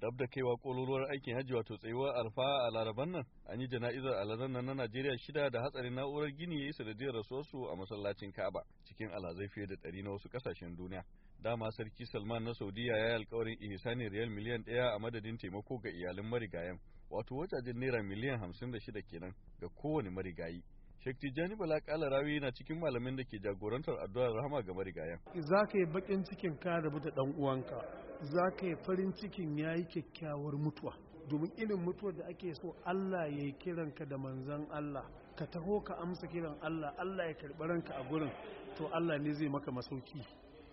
dab da kaiwa kololuwar aikin hajji wato tsayuwar alfa a laraban nan an yi jana'izar alazan nan na najeriya shida da hatsarin na'urar gini ya yi da rasuwarsu a masallacin kaba cikin alazai fiye da ɗari na wasu ƙasashen duniya dama sarki salman na saudiya ya yi alkawarin ihsani riyal miliyan ɗaya a madadin taimako ga iyalin marigayen wato wajajen naira miliyan hamsin da shida kenan ga kowane marigayi Sheikh Tijjani Bala Rawi na cikin malamin da ke jagorantar addu'ar rahama ga marigayan. Za ka yi bakin cikin ka rabu da ɗan uwanka, za ka yi farin cikin ya yi kyakkyawar mutuwa. Domin irin mutuwar da ake so Allah ya yi kiranka da manzan Allah, ka taho ka amsa kiran Allah, Allah ya karɓi ranka a gurin, to Allah ne zai maka masauki.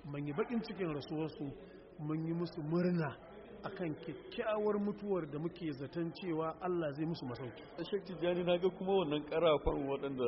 Mun yi bakin cikin rasuwarsu, mun yi musu murna, akan kyakkyawar mutuwar da muke zaton cewa Allah zai musu masauki a shekci jani na ga kuma wannan karafan waɗanda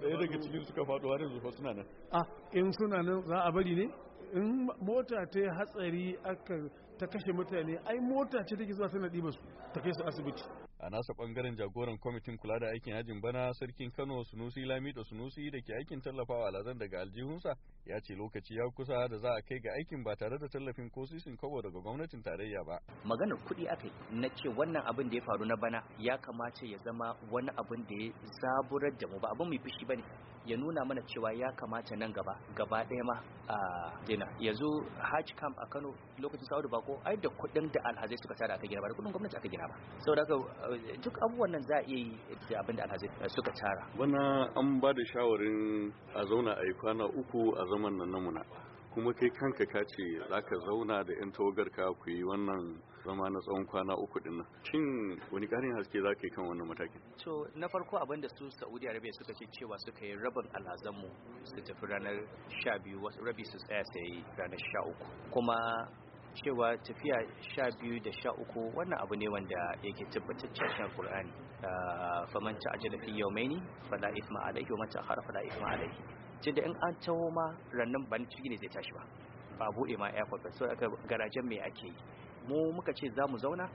ɗaya daga cikin suka faɗo har yanzu fa suna nan a ah, in suna nan za a bari ne in mota ta yi hatsari aka ta kashe mutane ai mota ce take zuwa tana diba su ta kai su asibiti a nasa bangaren jagoran kwamitin kula da aikin hajin bana sarkin kano sunusi lamido sunusi da ke aikin tallafawa alazan daga aljihunsa ya ce lokaci ya kusa da za a kai ga aikin ba tare da tallafin ko sisin kobo daga gwamnatin tarayya ba Maganar kuɗi aka na ce wannan abin da ya faru na bana ya kamata ya zama wani abin da ya zaburar da mu ba abin mai fushi bane ya nuna mana cewa ya kamata nan gaba gaba ɗaya ma a dina yanzu hajj camp a kano lokacin sa'adu bako ai da kuɗin da alhazai suka tara aka gina ba da kuɗin gwamnati aka gina ba saboda haka eh, duk abubuwan nan za a iya yi da abin da alhazai eh, suka tara bana an ba da shawarin a zauna a yi kwana uku a zaman nan na kuma kai kanka ka ce za ka zauna da 'yan tawagar ka ku yi wannan zama na tsawon kwana uku din nan shin wani karin haske za ka yi kan wannan matakin to na farko abin da su saudi arabia suka ce cewa suka yi rabin alhazanmu su tafi ranar sha biyu rabi su tsaya sai ranar sha kuma cewa tafiya sha biyu da sha uku wannan abu ne wanda yake tabbataccen shan qur'ani ah, faman ta ajala fi ne, fala ithma alayhi wa man ta'akhara fala ithma ce tunda in an tawo ma rannan ban ciki ne zai tashi ba ba buɗe ma airport ba so aka garajen mai ake yi mu muka ce za mu zauna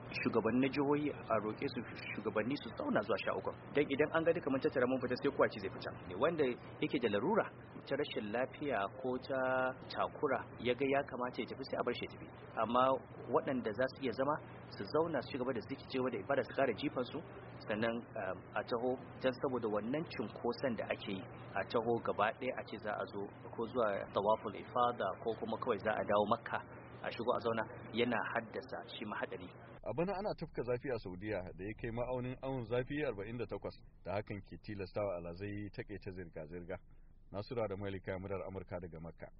na jihohi a roƙe su shugabanni su zauna zuwa sha uku don idan an ga duka mun tattara mun fita sai kowa ce zai fita ne wanda yake da larura ta rashin lafiya ko ta takura ya ga ya kamata ya tafi sai a bar shi tafi amma waɗanda za su iya zama su zauna su gaba da cewa da ibada su kare su sannan um, a taho don saboda wannan cinkoson da ake yi a taho gaba ɗaya a ce za a zo ko zuwa tawaful ifada ko kuma kawai za a dawo makka a shigo a zauna yana haddasa shi mahadari. A bana ana tafka zafi a Saudiya da ya kai ma'aunin awon zafi 48 da hakan ke tilastawa alazai ta zirga-zirga. Nasura da Malika murar Amurka daga Makka.